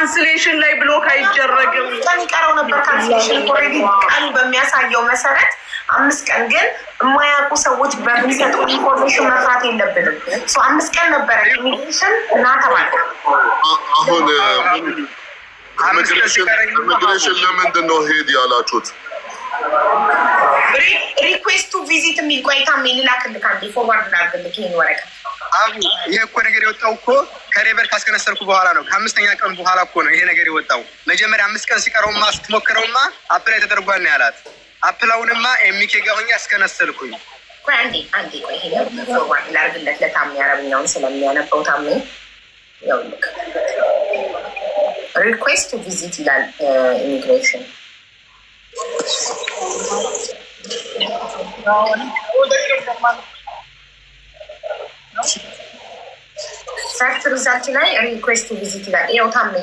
ካንስሌሽን ላይ ብሎክ አይደረግም። ቀን ይቀረው ነበር ካንስሌሽን ኮሬዲ ቀን በሚያሳየው መሰረት አምስት ቀን ግን የማያውቁ ሰዎች በሚሰጡ ኢንፎርሜሽን መፍራት የለብንም። አምስት ቀን ነበረ ኢሚግሬሽን እና ተባለ። አሁን ኢሚግሬሽን ለምንድን ነው ሄድ ያላችሁት? ሪኩዌስቱ ቪዚት የሚል ቆይታ የሚልላክልክ አንዴ ፎርዋርድ ላርግልክ ይህን ወረቀት አቡ ይሄ እኮ ነገር የወጣው እኮ ከሬቨር ካስከነሰርኩ በኋላ ነው። ከአምስተኛ ቀን በኋላ እኮ ነው ይሄ ነገር የወጣው። መጀመሪያ አምስት ቀን ሲቀረውማ ስትሞክረውማ አፕል ተደርጓል ነው ያላት። አፕላውንማ የሚኬ ጋር አስከነሰልኩኝ። ሪኩዌስት ቪዚት ይላል ኢሚግሬሽን ኤክስትራክት ሪዛልት ላይ ሪኩዌስት ቪዚት ይላል። ያው ታሜ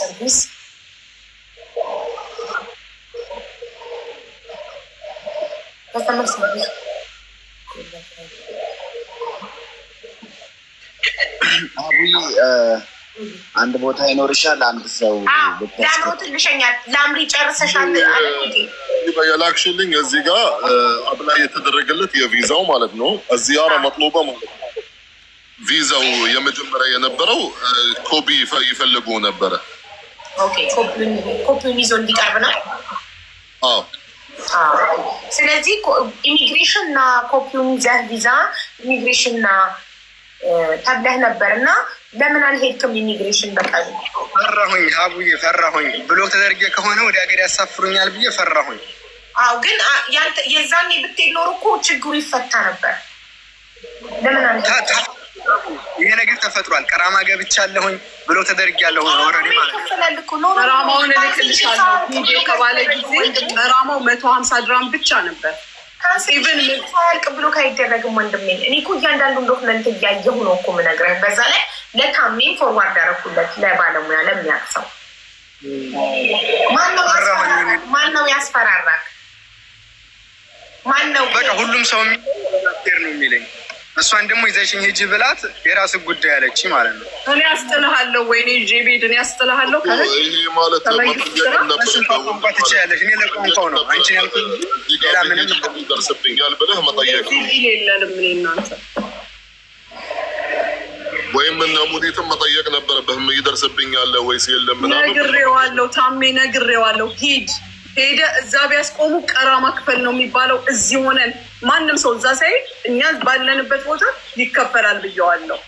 ሰርቪስ አቡይ አንድ ቦታ ይኖርሻል። አንድ ሰው ትልሸኛል። ላምሪ ጨርሰሻል። የላክሽልኝ እዚህ ጋር አብላይ የተደረገለት የቪዛው ማለት ነው። እዚህ አራ መጥሎባ ማለት ነው። ቪዛው የመጀመሪያ የነበረው ኮፒ ይፈልጉ ነበረ። ኮፒውን ይዞ እንዲቀርብ ነው። አዎ ስለዚህ ኢሚግሬሽን እና ኮፒውን ይዘህ ቪዛ ኢሚግሬሽን እና ተብለህ ነበር እና ለምን አልሄድክም? ኢሚግሬሽን በቃል ፈራሁኝ፣ አቡዬ ፈራሁኝ። ብሎ ተደርጌ ከሆነ ወደ ሀገር ያሳፍሩኛል ብዬ ፈራሁኝ። አዎ፣ ግን የዛኔ ብትሄድ ኖሮ እኮ ችግሩ ይፈታ ነበር። ለምን አልሄድክም? ይሄ ነገር ተፈጥሯል። ቀራማ ገብቻለሁኝ ብሎ ተደርጊያለሁ። ወረዴ ማለት እልክልሻለሁ። ከባለ ጊዜ ቀራማው መቶ ሀምሳ ድራም ብቻ ነበር። ልቅ ብሎ አይደረግም ወንድሜ። እኔ እኮ እያንዳንዱ ዶክመንት እያየሁ ነው እኮ የምነግርህ። በዛ ላይ ለታሜን ፎርዋርድ ያደረኩለት ለባለሙያ ለሚያቅሰው። ማነው ያስፈራራክ? ማነው? በቃ ሁሉም ሰው ነው የሚለኝ እሷን ደግሞ ይዘሽኝ ሂጂ ብላት የራስ ጉዳይ አለች ማለት ነው። እኔ ያስጥልሃለሁ ወይ እኔ እኔ ያስጥልሃለሁ እኔ ነው ሌላ ምንም ብለህ መጠየቅ የለንም። እናንተ ወይም እነ መጠየቅ ነበረብህ። ይደርስብኛል ወይስ የለም ነግሬዋለሁ። ታሜ ነግሬዋለሁ ሂድ ሄደ እዛ ቢያስቆሙ ቀራማ ክፈል ነው የሚባለው። እዚህ ሆነን ማንም ሰው እዛ ሳይ እኛ ባለንበት ቦታ ይከፈላል ብየዋለሁ።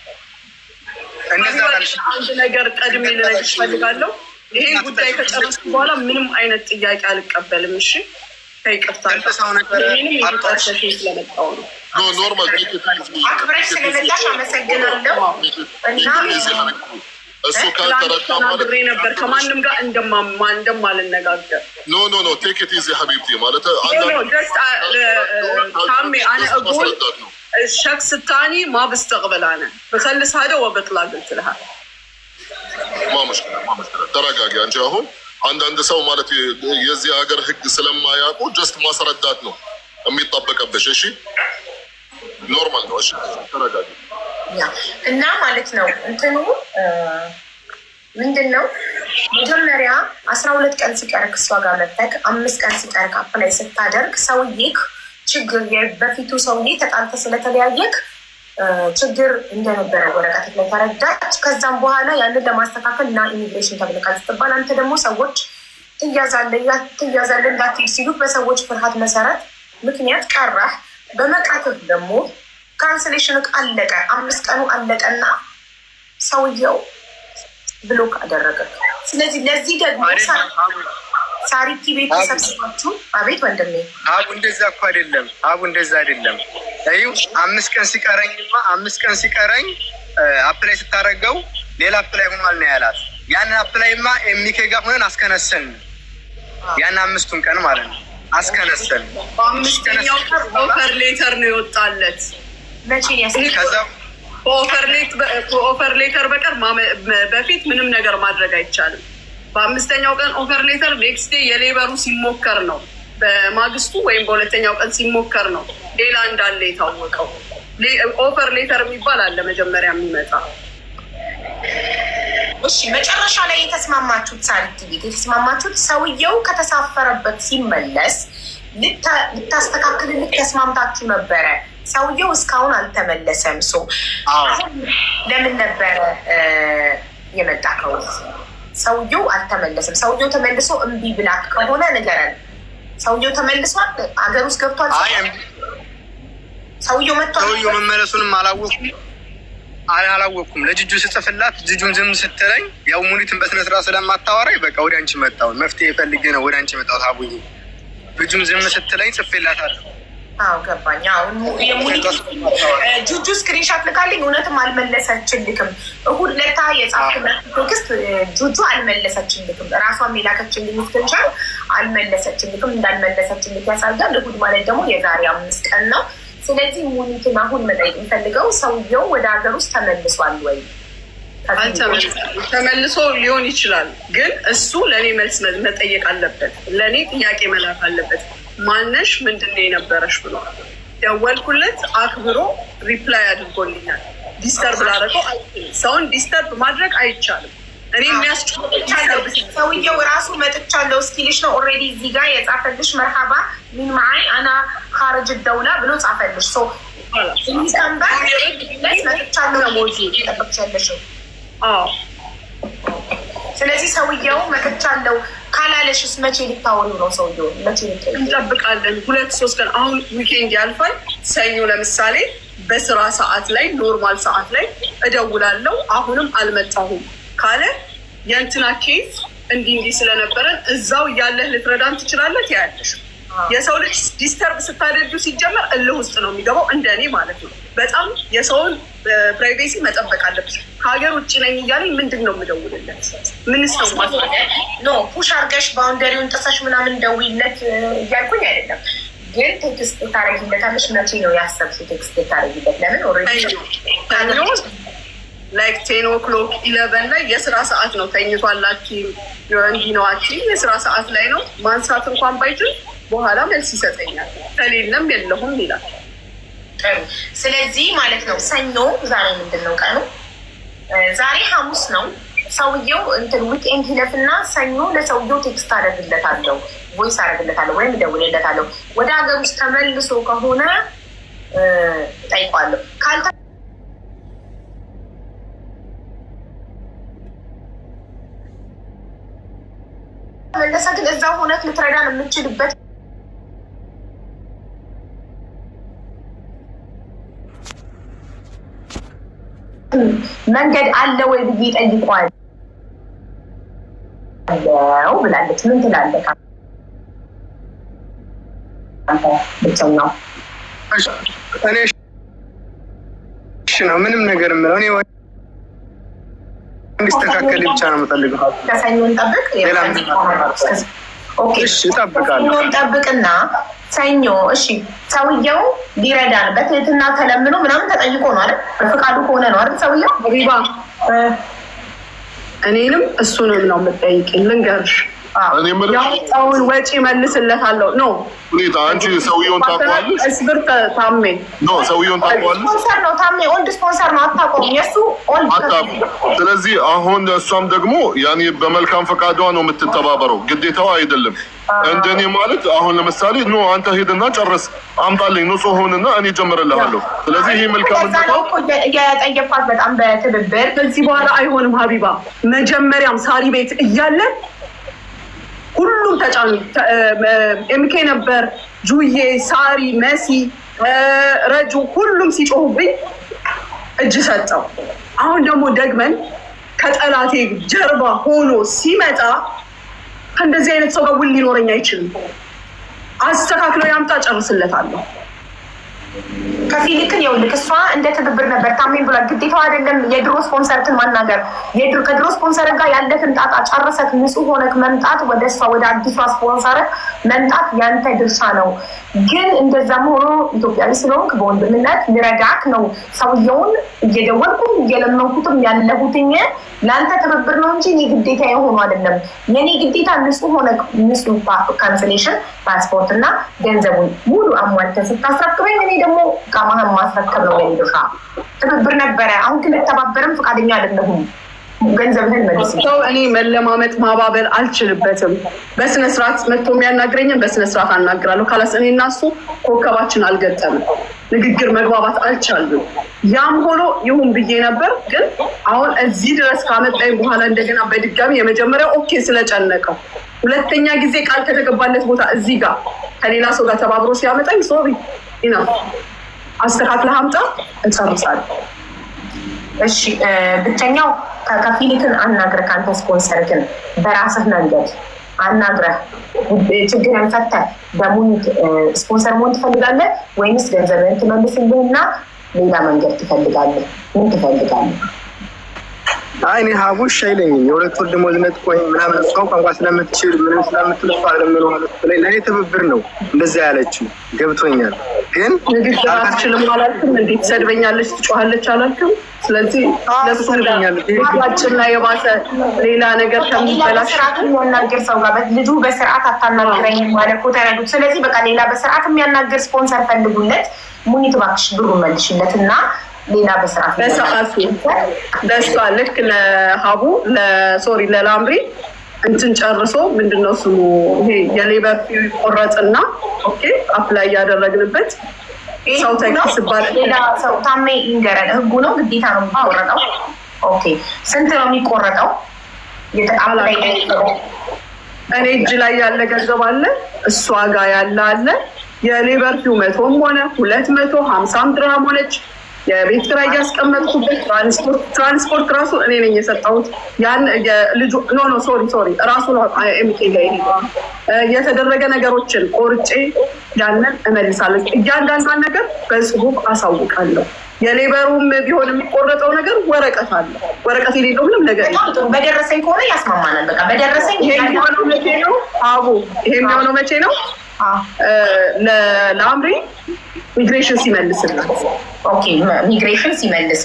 አንድ ነገር ቀድሜ ልነግርሽ እፈልጋለሁ። ይሄ ጉዳይ ከጨረስኩ በኋላ ምንም አይነት ጥያቄ አልቀበልም። እሺ ከይቅርታ ስለመጣሁ ነው። ኖርማል አክብረሽ ስለመጣሽ አመሰግናለሁ እና እሱ ካልተረካማለብሬ ነበር ከማንም ጋር እንደማማ እንደማልነጋገር ኖ ኖ ኖ ቴክ ኢት ኢዚ ሀቢብቲ ማለት ታሜ አነ እጉል الشخص الثاني ما بستقبل انا بخلص هذا وبطلع قلت لها ما مشكله ما مشكله ተረጋጊ አንቺ አሁን አንዳንድ ሰው ማለት የዚህ ሀገር ህግ ስለማያውቁ ጀስት ማስረዳት ነው የሚጠበቅብሽ እሺ ኖርማል ነው እሺ ተረጋጊ እና ማለት ነው እንትኑ ምንድን ነው መጀመሪያ አስራ ሁለት ቀን ሲቀርክ እሷ ጋር መተክ አምስት ቀን ሲቀርክ አፕላይ ስታደርግ ሰውዬክ ችግር በፊቱ ሰውዬ ተጣልተ ስለተለያየክ ችግር እንደነበረ ወረቀት ላይ ተረዳች። ከዛም በኋላ ያንን ለማስተካከል እና ኢሚግሬሽን ተብለካል ስትባል አንተ ደግሞ ሰዎች ትያዛለህ እንዳትሄድ ሲሉ በሰዎች ፍርሃት መሰረት ምክንያት ቀረህ። በመቃተት ደግሞ ካንስሌሽኑ አለቀ። አምስት ቀኑ አለቀና ሰውየው ብሎክ አደረገ። ስለዚህ ለዚህ ደግሞ ሳሪቲ ቤት ተሰብስባችሁ አቤት ወንድሜ አቡ እንደዛ እኮ አይደለም። አቡ እንደዛ አይደለም። ይኸው አምስት ቀን ሲቀረኝማ አምስት ቀን ሲቀረኝ አፕላይ ስታደርገው ሌላ አፕላይ ሆኗል ነው ያላት። ያንን አፕላይማ ኤሚኬ ጋር ሆነን አስከነሰን ያን አምስቱን ቀን ማለት ነው አስከነሰን። ኦፈር ሌተር ነው የወጣለት ኦፈር ሌተር በቀር በፊት ምንም ነገር ማድረግ አይቻልም። በአምስተኛው ቀን ኦፈር ሌተር ኔክስት ዴይ የሌበሩ ሲሞከር ነው። በማግስቱ ወይም በሁለተኛው ቀን ሲሞከር ነው። ሌላ እንዳለ የታወቀው ኦፈር ሌተር የሚባል አለ። መጀመሪያ የሚመጣ እሺ፣ መጨረሻ ላይ የተስማማችሁት ሳሪት ቤት የተስማማችሁት ሰውየው ከተሳፈረበት ሲመለስ ልታስተካክልልክ ተስማምታችሁ ነበረ ሰውየው እስካሁን አልተመለሰም። ሶ ለምን ነበረ የመጣ ከውስ ሰውየው አልተመለሰም። ሰውየው ተመልሶ እምቢ ብላት ከሆነ ንገረን። ሰውየው ተመልሷል፣ አገር ውስጥ ገብቷል። ሰውየው መጥቷል። ሰውየው መመለሱንም አላወኩም አላወቅኩም ለጅጁ ስጽፍላት ጅጁም ዝም ስትለኝ ያው ሙኒትን በስነ ስርዓት ስለማታወራኝ በቃ ወደ አንቺ መጣሁ። መፍትሄ ፈልጌ ነው ወደ አንቺ መጣሁት። አቡዬ ልጁም ዝም ስትለኝ ጽፌላታለሁ። ገባኝ። ጁጁ ስክሪንሻት ልካለኝ እውነትም አልመለሰችልክም። እሁድ ለታ ጁጁ አልመለሰችልክም። ራሷም የላከችልኝ ስክሪንሻት አልመለሰችልክም። እንዳልመለሰችልክ እሁድ ማለት ደግሞ የዛሬ አምስት ቀን ነው። ስለዚህ ሙኒትን አሁን መጠየቅ የምፈልገው ሰውየው ወደ ሀገር ውስጥ ተመልሷል ወይ? ተመልሶ ሊሆን ይችላል፣ ግን እሱ ለእኔ መልስ መጠየቅ አለበት። ለእኔ ጥያቄ መላክ አለበት። ማነሽ ምንድን ነው የነበረሽ ብሎ ደወልኩለት። አክብሮ ሪፕላይ አድርጎልኛል። ዲስተርብ ላደረገው ሰውን ዲስተርብ ማድረግ አይቻልም። እኔ ሰውየው ራሱ መጥቻለሁ እስኪልሽ ነው ኦልሬዲ እዚህ ጋር የጻፈልሽ መርሃባ ሚን ማይ አና ካርጅ ደውላ ብሎ ጻፈልሽ። ሚሰንባት መጥቻለሁ ሞ ጠበቅሻለሽ ስለዚህ ሰውየው መጥቻለሁ ካላለሽስ መቼ ሊታወኑ ነው? ሰውየው መቼ እንጠብቃለን? ሁለት ሶስት ቀን አሁን ዊኬንድ ያልፋል። ሰኞ ለምሳሌ በስራ ሰዓት ላይ ኖርማል ሰዓት ላይ እደውላለው። አሁንም አልመጣሁም ካለ የእንትና ኬዝ እንዲህ እንዲህ ስለነበረን እዛው እያለህ ልትረዳን ትችላለህ ያለሽ የሰው ልጅ ዲስተርብ ስታደርጉ ሲጀመር እልህ ውስጥ ነው የሚገባው፣ እንደ እኔ ማለት ነው። በጣም የሰውን ፕራይቬሲ መጠበቅ አለብሽ። ከሀገር ውጭ ነኝ እያለኝ ምንድን ነው የምደውልለት? ምን ነው ኖ ፑሽ አርገሽ ባውንደሪውን ጥሰሽ ምናምን ደውይለት እያልኩኝ አይደለም፣ ግን ቴክስት ታረጊለታለሽ። መቼ ነው ያሰብሽው ቴክስት ታረጊለት? ለምን ላይክ ቴን ኦክሎክ ኢለቨን ላይ የስራ ሰዓት ነው። ተኝቷላችሁ እንዲህ ነው የስራ ሰዓት ላይ ነው ማንሳት እንኳን ባይችል በኋላ መልስ ይሰጠኛል። ከሌለም የለሁም ይላል። ጥሩ። ስለዚህ ማለት ነው ሰኞ ዛሬ ምንድን ነው ቀኑ? ዛሬ ሐሙስ ነው። ሰውየው እንትን ዊክኤንድ ሂለፍና ሰኞ ለሰውየው ቴክስት አደርግለታለሁ፣ ቮይስ አደርግለታለሁ ወይም እደውልለታለሁ። ወደ ሀገር ውስጥ ተመልሶ ከሆነ ጠይቋለሁ። ካልተ መለሰ ግን እዛው ሆነት ልትረዳን የምችልበት መንገድ አለ ወይ ብዬ ጠይቋለው ብላለች። ምን ትላለህ? እኔ ነው ምንም ነገር የምለው እኔ እንዲስተካከል ብቻ ነው የምፈልገው። ጠብቅና ሰኞ እሺ፣ ሰውየው ሊረዳን በትህትና ተለምኖ ምናምን ተጠይቆ ነው አይደል? በፍቃዱ ከሆነ ነው አይደል? ሰውየው እኔንም እሱንም ነው የምጠይቅልን ገርሽ ያወጣውን ወጪ መልስለታለሁ። ኖ አንቺ ሰውየውን ታውቀዋለሽ? እስብርት ታሜ ኖ ሰውየውን ታውቀዋለሽ? ስፖንሰር ነው ታሜ፣ ኦልድ ስፖንሰር ነው። አታውቀውም። የእሱ ኦልድ አታውቀውም። ስለዚህ አሁን እሷም ደግሞ ያኔ በመልካም ፈቃዷ ነው የምትተባበረው፣ ግዴታዋ አይደለም። እንደኔ ማለት አሁን ለምሳሌ ኖ አንተ ሄድና ጨርስ አምጣልኝ፣ ንጹህ ሆንና እኔ ጀምርልሃለሁ። ስለዚህ ይህ መልካም የጠየኳት በጣም በትብብር ከዚህ በኋላ አይሆንም ሀቢባ መጀመሪያም ሳሪ ቤት እያለን ተጫኑ። ኤምኬ ነበር፣ ጁዬ፣ ሳሪ፣ መሲ፣ ረጁ ሁሉም ሲጮሁብኝ እጅ ሰጠው። አሁን ደግሞ ደግመን ከጠላቴ ጀርባ ሆኖ ሲመጣ ከእንደዚህ አይነት ሰው ጋር ውል ሊኖረኝ አይችልም። አስተካክለው ያምጣ፣ ጨርስለታለሁ። ከፊሊክን ይኸውልህ እሷ እንደ ትብብር ነበር ታሜን ብሏል። ግዴታው አይደለም የድሮ ስፖንሰርትን ማናገር ከድሮ ስፖንሰር ጋር ያለህን ጣጣ ጨርሰህ ንጹህ ሆነህ መምጣት ወደ እሷ ወደ አዲሷ ስፖንሰር መምጣት ያንተ ድርሻ ነው። ግን እንደዛም ሆኖ ኢትዮጵያዊ ስለሆንክ በወንድምነት ልረዳህ ነው። ሰውየውን እየደወልኩም እየለመንኩትም ያለሁትኝ ለአንተ ትብብር ነው እንጂ ግዴታ የሆኑ አይደለም። የኔ ግዴታ ንጹህ ሆነህ ንጹህ ካንስሌሽን ፓስፖርት እና ገንዘቡን ሙሉ አሟልተ ስታስረክበኝ እኔ ደግሞ ቃማህን ማስረከብ ነው የኔ ድርሻ። ትብብር ነበረ። አሁን ግን ልተባበርም ፈቃደኛ አይደለሁም። ገንዘብህን መልስ። ሰው እኔ መለማመጥ ማባበል አልችልበትም። በስነ ስርዓት መጥቶ የሚያናግረኝም በስነ ስርዓት አናግራለሁ። ካላስ እኔ እና እሱ ኮከባችን አልገጠም፣ ንግግር መግባባት አልቻልም። ያም ሆኖ ይሁን ብዬ ነበር። ግን አሁን እዚህ ድረስ ካመጣኝ በኋላ እንደገና በድጋሚ የመጀመሪያው ኦኬ ስለጨነቀው፣ ሁለተኛ ጊዜ ቃል ከተገባለት ቦታ እዚህ ጋር ከሌላ ሰው ጋር ተባብሮ ሲያመጣኝ ሶሪ ነው አስተካክለህ አምጣ እጨርሳለሁ እሺ ብቸኛው ከፊልክን አናግረህ ከአንተ ስፖንሰር ግን በራስህ መንገድ አናግረህ ችግርን ፈተህ ደሙን ስፖንሰር መሆን ትፈልጋለህ ወይምስ ገንዘብህን ትመልስልህና ሌላ መንገድ ትፈልጋለህ? ምን ትፈልጋለህ? አይ እኔ ሀቡሽ አይለኝም የሁለት ወር ደሞዝነት ቆይ ምናምን እሷ ቋንቋ ስለምትችል ምንም ስለምትል እሷ ለምን ለእኔ ትብብር ነው እንደዛ ያለችው ገብቶኛል። ግን ንግግራችንም አላልክም እንዴት ትሰድበኛለች፣ ትጮሃለች አላልክም። ስለዚህ ለሱኛለችና የባሰ ሌላ ነገር ከሚበላስርዓት የሚያናገር ሰው ጋር ልጁ በስርዓት አታናግረኝ ማለት ተረዱት። ስለዚህ በቃ ሌላ በስርዓት የሚያናገር ስፖንሰር ፈልጉለት። ሙኒት እባክሽ ብሩ መልሽለት እና ሌላ በሰዓቱ በሰዓቱ ልክ ለሀቡ ሶሪ ለላምሪ እንትን ጨርሶ ምንድነው ስሙ ይሄ የሌበር ቆረጥና ኦኬ አፕላይ ያደረግንበት ሰው ሌላ ሰው ታሜ ይንገረን። ህጉ ነው ግዴታ ነው የሚቆረጠው። ኦኬ ስንት ነው የሚቆረጠው? እኔ እጅ ላይ ያለ ገንዘብ አለ፣ እሷ ጋር ያለ አለ። የሌበር መቶም ሆነ ሁለት መቶ ሀምሳም ድርሃም ሆነች የቤት ስራ እያስቀመጥኩበት ትራንስፖርት ራሱ እኔ ነኝ የሰጠሁት። ያን ልጁ ኖ ኖ ሶሪ ሶሪ ራሱ የተደረገ ነገሮችን ቆርጬ ያንን እመልሳለች። እያንዳንዷን ነገር በጽሁፍ አሳውቃለሁ። የሌበሩም ቢሆን የሚቆረጠው ነገር ወረቀት አለ። ወረቀት የሌለው ምንም ነገር በደረሰኝ ከሆነ ያስማማናል። በቃ በደረሰኝ ይሄ የሚሆነው መቼ ነው? አቡ ይሄ የሚሆነው መቼ ነው? ለአምሪ ሚግሬሽን ሲመልስ ሚግሬሽን ሲመልስ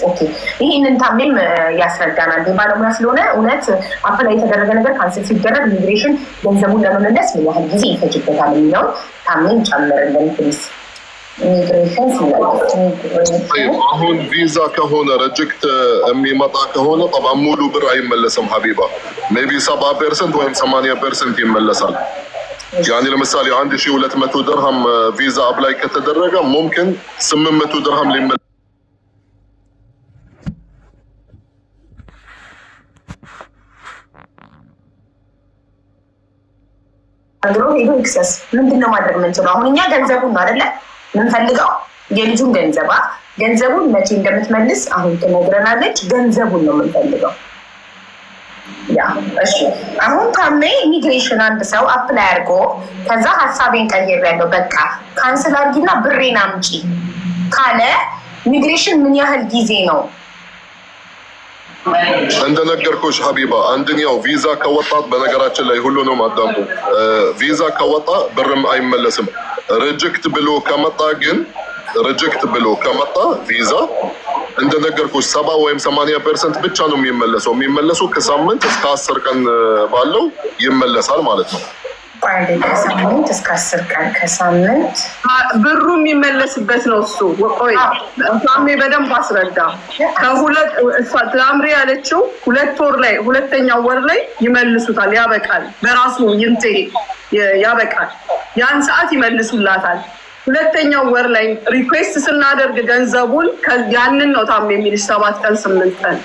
ይህንን ታሜም ያስረዳናል። ባለሙያ ስለሆነ እውነት አፕላይ የተደረገ ነገር ካንስል ሲደረግ ሚግሬሽን ገንዘቡን ለመመለስ ምን ያህል ጊዜ ይፈጅበታል የሚለውን ታሜም ጨምርልን ፕሊዝ። አሁን ቪዛ ከሆነ ረጅክት የሚመጣ ከሆነ ሙሉ ብር አይመለስም ሀቢባ ሜይ ቢ ሰባ ፐርሰንት ወይም ሰማንያ ፐርሰንት ይመለሳል። ያኔ ለምሳሌ 1200 ድርሃም ቪዛ አፕላይ ከተደረገ ሙምኪን 800 ድርሃም ሊመለስ ብሎ ሄዶ ይክሰስ። ምንድን ነው ማድረግ ምንችለው? አሁን እኛ ገንዘቡን ነው አይደለ ምንፈልገው፣ የልጁን ገንዘባ ገንዘቡን መቼ እንደምትመልስ አሁን ትነግረናለች። ገንዘቡን ነው የምንፈልገው። እሺ አሁን ታሜ ኢሚግሬሽን አንድ ሰው አፕላይ አድርጎ ከዛ ሀሳቤን ቀይር ያለው በቃ ካንስል አድርጊና ብሬን አምጪ ካለ ኢሚግሬሽን ምን ያህል ጊዜ ነው? እንደነገርኩሽ ሀቢባ አንደኛው ቪዛ ከወጣ በነገራችን ላይ ሁሉንም አዳምጡ። ቪዛ ከወጣ ብርም አይመለስም። ሪጀክት ብሎ ከመጣ ግን ሪጀክት ብሎ ከመጣ ቪዛ እንደነገርኩ ሰባ ወይም ሰማንያ ፐርሰንት ብቻ ነው የሚመለሰው። የሚመለሰው ከሳምንት እስከ አስር ቀን ባለው ይመለሳል ማለት ነው። ከሳምንት እስከ አስር ቀን ከሳምንት ብሩ የሚመለስበት ነው እሱ። ቆይ ሳሜ በደንብ አስረዳ። ከሁለት ለአምሬ ያለችው ሁለት ወር ላይ ሁለተኛው ወር ላይ ይመልሱታል። ያበቃል፣ በራሱ ይንቴ ያበቃል። ያን ሰዓት ይመልሱላታል። ሁለተኛው ወር ላይ ሪኩዌስት ስናደርግ ገንዘቡን ያንን ነው ታም የሚል ሰባት ቀን ስምንት ቀን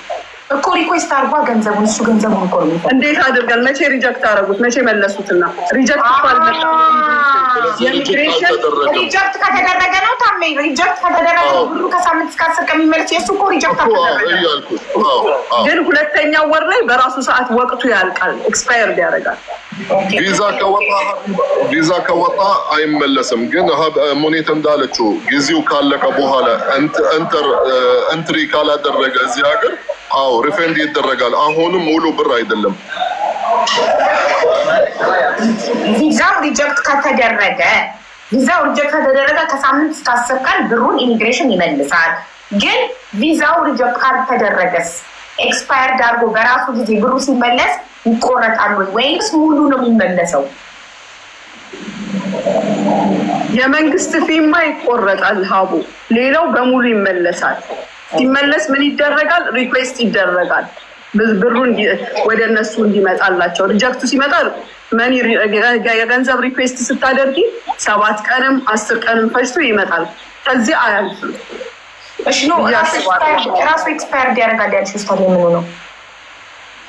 እኮ ሪኩዌስት አርጓ ገንዘቡን እሱ ገንዘቡን እኮ እንዴት አድርገን መቼ ሪጀክት አረጉት? መቼ መለሱትና ሪጀክት ካልመጣ ሪጀክት ከተደረገ ነው ታሜ ሪጀክት ከተደረገ ብሩ ከሳምንት እስከ አስር ከሚመለስ የእሱ እኮ ሪጀክት አልተደረገ ግን ሁለተኛው ወር ላይ በራሱ ሰዓት ወቅቱ ያልቃል፣ ኤክስፓየር ያደርጋል። ቪዛ ከወጣ አይመለስም። ግን ሙኔት እንዳለችው ጊዜው ካለቀ በኋላ እንትሪ ካላደረገ እዚህ ሀገር አዎ ሪፈንድ ይደረጋል። አሁንም ሙሉ ብር አይደለም። ቪዛው ሪጀክት ከተደረገ ቪዛው ሪጀክት ከተደረገ ከሳምንት እስከ አስር ቀን ብሩን ኢሚግሬሽን ይመልሳል። ግን ቪዛው ሪጀክት ካልተደረገስ ኤክስፓየር ዳርጎ በራሱ ጊዜ ብሩ ሲመለስ ይቆረጣሉ ወይምስ ሙሉ ነው የሚመለሰው? የመንግስት ፊማ ይቆረጣል ሀቡ፣ ሌላው በሙሉ ይመለሳል። ሲመለስ ምን ይደረጋል? ሪኩዌስት ይደረጋል ብሩ ወደ እነሱ እንዲመጣላቸው። ሪጀክቱ ሲመጣ መኒ የገንዘብ ሪኩዌስት ስታደርጊ ሰባት ቀንም አስር ቀንም ፈጅቶ ይመጣል። ከዚህ አያልፍም። ራሱ ኤክስፓየርድ ያደርጋል ያልሽ ውስጥ ምኑ ነው?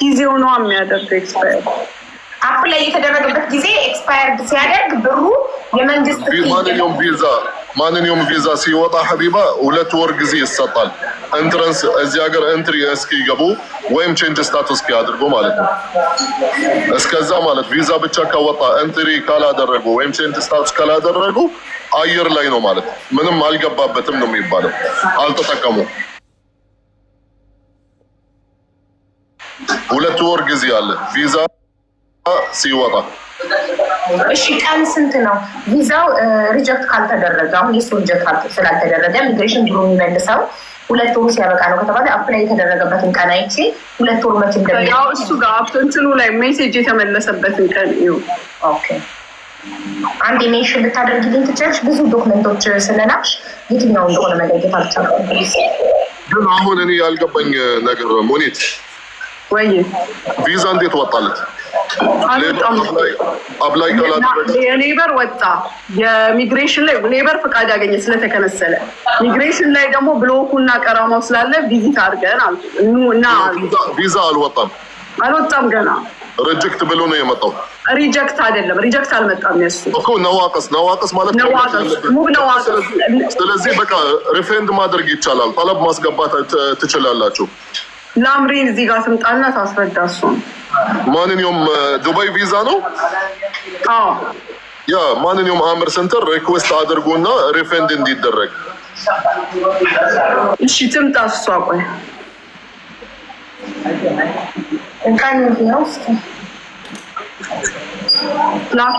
ጊዜው ነው የሚያደርገው ኤክስፓየርድ አፕ ላይ የተደረገበት ጊዜ ኤክስፓየርድ ሲያደርግ ብሩ የመንግስት ማንኛውም ቪዛ ማንኛውም ቪዛ ሲወጣ ሀቢባ ሁለት ወር ጊዜ ይሰጣል። ኢንትረንስ እዚህ ሀገር ኢንትሪ እስኪገቡ ወይም ቼንጅ ስታቱስ እስኪያድርጉ ማለት ነው። እስከዛ ማለት ቪዛ ብቻ ከወጣ እንትሪ ካላደረጉ ወይም ቼንጅ ስታቱስ ካላደረጉ አየር ላይ ነው ማለት ምንም አልገባበትም ነው የሚባለው። አልተጠቀሙ ሁለት ወር ጊዜ አለ ቪዛ ሲወጣ እሺ ቀን ስንት ነው ቪዛው ሪጀክት ካልተደረገ? አሁን የሱ ሪጀክት ስላልተደረገ ኢሚግሬሽን ብሎ የሚመልሰው ሁለት ወር ሲያበቃ ነው ከተባለ አፕላይ የተደረገበትን ቀን አይቼ ሁለት ወር መች ያው እሱ ጋር እንትኑ ላይ ሜሴጅ የተመለሰበትን ቀን እዩ። ኦኬ አንድ ሜንሽን ልታደርግልኝ ትችላለች? ብዙ ዶክመንቶች ስለላሽ የትኛው እንደሆነ መለየት አልቻልኩም። ግን አሁን እኔ ያልገባኝ ነገር ሞኔት ወይ ቪዛ እንዴት ወጣለት? የሌበር ወጣ የሚግሬሽን ላይ ሌበር ፈቃድ ያገኘ ስለተከነሰለ ሚግሬሽን ላይ ደግሞ ብሎኩና ቀረማው ስላለ ቪዚት አድርገን እና ቪዛ አልወጣም አልወጣም ገና ሪጀክት ብሎ ነው የመጣው። ሪጀክት አይደለም ሪጀክት አልመጣም። ያሱ እኮ ነዋቀስ ነዋቀስ ማለት ሙብ ነዋቀስ። ስለዚህ በቃ ሪፌንድ ማድረግ ይቻላል። ጠለብ ማስገባት ትችላላችሁ። ላምሪን እዚህ ጋር ትምጣና ታስረዳ እሱ ማንኛውም ዱባይ ቪዛ ነው ያ ማንኛውም አምር ሴንተር ሪኩዌስት አድርጎና ሪፈንድ እንዲደረግ። እሺ ትምጣ እሷ።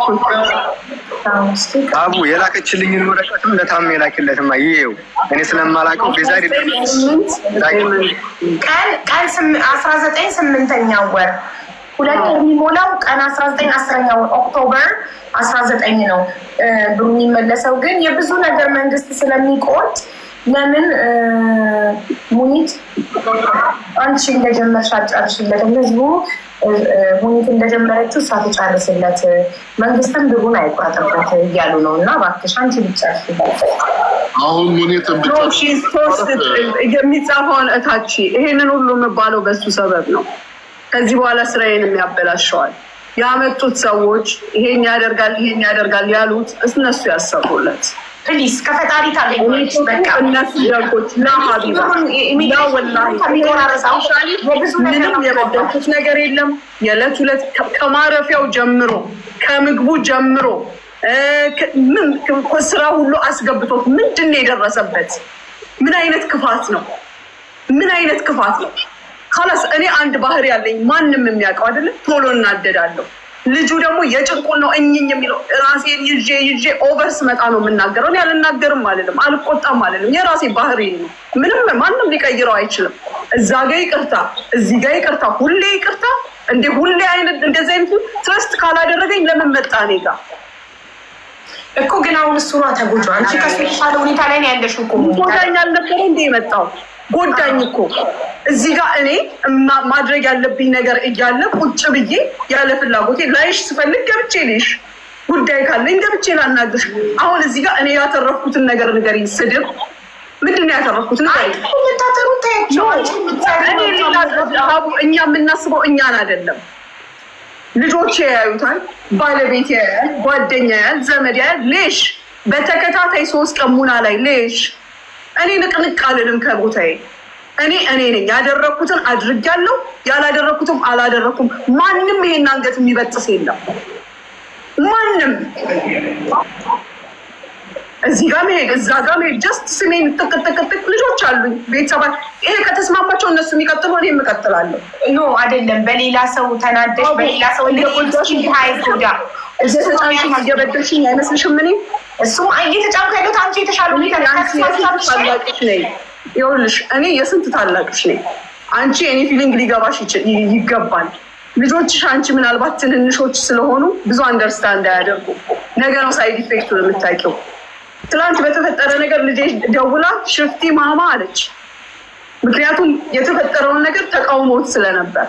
ቆይ አቡ የላከችልኝን ወረቀትም ለታም የላክለትማ ይኸው እኔ ስለማላውቀው ቤዛ ቃል ቃል አስራ ዘጠኝ ወር ሁለት ወር የሚሞላው ቀን አስራ ዘጠኝ አስረኛው ኦክቶበር አስራ ዘጠኝ ነው ብሩ የሚመለሰው። ግን የብዙ ነገር መንግስት ስለሚቆርጥ ለምን ሙኒት አንቺ እንደጀመርሽ አጫርሽለት፣ ህዝቡ ሙኒት እንደጀመረችው እሷ ትጨርስለት፣ መንግስትም ብሩን አይቆርጥበት እያሉ ነው። እና እባክሽ አንቺ ብጨርስለት። አሁን ሙኒትን ብጨርስ የሚጻፈውን እታች ይሄንን ሁሉ የሚባለው በሱ ሰበብ ነው። ከዚህ በኋላ ስራዬንም ያበላሸዋል። ያመጡት ሰዎች ይሄን ያደርጋል ይሄን ያደርጋል ያሉት እነሱ ያሰሩለት ፕሊስ ከፈጣሪ ታገኛለች። በቃ ደጎች ላ ሀቢባ ነገር የለም። የዕለት ሁለት ከማረፊያው ጀምሮ ከምግቡ ጀምሮ ስራ ሁሉ አስገብቶት ምንድን ነው የደረሰበት? ምን አይነት ክፋት ነው? ምን አይነት ክፋት ነው? ካላስ እኔ አንድ ባህሪ ያለኝ ማንም የሚያውቀው አይደለም፣ ቶሎ እናደዳለሁ። ልጁ ደግሞ የጭንቁን ነው እኝኝ የሚለው ራሴን ይዤ ይዤ ኦቨር ስመጣ ነው የምናገረው። እኔ አልናገርም አልልም፣ አልቆጣም አልልም። የራሴ ባህሪ ነው። ምንም ማንም ሊቀይረው አይችልም። እዛ ጋ ይቅርታ፣ እዚህ ጋ ይቅርታ፣ ሁሌ ይቅርታ። እንደ ሁሌ አይነት እንደዚህ አይነቱ ትረስት ካላደረገኝ ለምን መጣ እኔ ጋ እኮ ግን አሁን እሱ ሯ አንቺ ከሱ የተሻለ ሁኔታ ላይ ነው ያለሽ እኮ ቦታ ያልነበረ እንደ የመጣው ጎዳኝ እኮ እዚህ ጋር እኔ ማድረግ ያለብኝ ነገር እያለ ቁጭ ብዬ ያለ ፍላጎቴ ላይሽ ስፈልግ ገብቼ ልሽ ጉዳይ ካለኝ ገብቼ ላናግርሽ። አሁን እዚህ ጋር እኔ ያተረፍኩትን ነገር ንገሪኝ። ስድብ ምንድን ነው ያተረፍኩት? እኛ የምናስበው እኛን አይደለም። ልጆች ያዩታል፣ ባለቤት ያያል፣ ጓደኛ ያያል፣ ዘመድ ያያል። ሌሽ በተከታታይ ሶስት ቀን ሙና ላይ ሌሽ እኔ ንቅንቅ አልልም ከቦታዬ። እኔ እኔ ነኝ ያደረግኩትን አድርጊያለሁ፣ ያላደረግኩትም አላደረግኩም። ማንም ይሄን አንገት የሚበጥስ የለም ማንም እዚህ ጋር መሄድ እዛ ጋር መሄድ ጀስት ስሜን ጥቅጥቅጥቅ ልጆች አሉ ቤተሰባ ይሄ ከተስማማቸው እነሱ የሚቀጥሉ እኔ የምቀጥላለሁ። ኖ አይደለም በሌላ ሰው ተናደሽ በሌላ ሰው ልቆዳሽጎዳ እየተጫንሽ እየበደልሽኝ አይመስልሽም? እኔ እሱም እየተጫንኩ ያሉት አንቺ የተሻሉ ታላቅሽ ነኝ። ይኸውልሽ እኔ የስንት ታላቅሽ ነኝ። አንቺ እኔ ፊሊንግ ሊገባሽ ይገባል። ልጆችሽ አንቺ ምናልባት ትንንሾች ስለሆኑ ብዙ አንደርስታንድ አያደርጉ ነገ ነው ሳይድ ኢፌክቱን የምታውቂው ትላንት በተፈጠረ ነገር ልጄ ደውላ ሽፍቲ ማማ አለች። ምክንያቱም የተፈጠረውን ነገር ተቃውሞት ስለነበር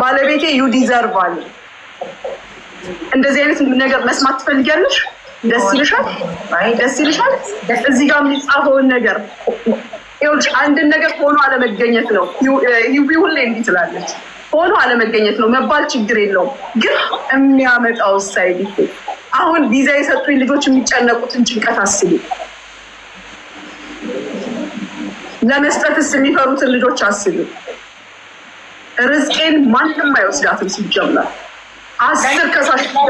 ባለቤቴ ዩ ዲዘርቭ አለ። እንደዚህ አይነት ነገር መስማት ትፈልጊያለሽ? ደስ ይልሻል? ደስ ይልሻል? እዚህ ጋር የሚጻፈውን ነገር አንድን ነገር ሆኖ አለመገኘት ነው። ሁሌ እንዲህ ትላለች። ሆኖ አለመገኘት ነው መባል ችግር የለውም። ግን የሚያመጣው ሳይድ አሁን ቪዛ የሰጡኝ ልጆች የሚጨነቁትን ጭንቀት አስቡ። ለመስጠትስ የሚፈሩትን ልጆች አስቡ። ርዝቄን ማንም አይወስዳትም ሲጀመር አስር ከሳሽታል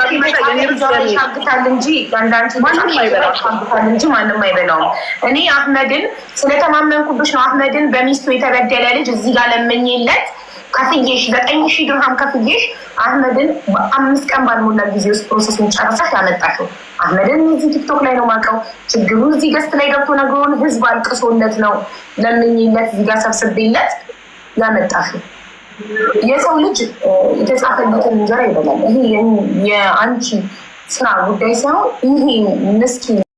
እንጂ ንዳንቺ ማንም አይበላታል እንጂ ማንም አይበላውም። እኔ አህመድን ስለተማመንኩብሽ ነው አህመድን በሚስቱ የተበደለ ልጅ እዚህ ጋር ለምኝለት ከፍዬሽ ዘጠኝ ሺህ ድርሃም ከፍዬሽ አህመድን በአምስት ቀን ባልሞላ ጊዜ ውስጥ ፕሮሰሱን ጨርሰሽ ያመጣሽው። አህመድን እዚህ ቲክቶክ ላይ ነው ማውቀው። ችግሩ እዚህ ገስት ላይ ገብቶ ነገሩን ህዝብ አልቅሶለት ነው ለምኝለት እዚህ ጋር ሰብስቤለት ያመጣሽው። የሰው ልጅ የተጻፈለትን እንጀራ ይበላል። ይሄ የአንቺ ስራ ጉዳይ ሳይሆን ይሄ ምስኪን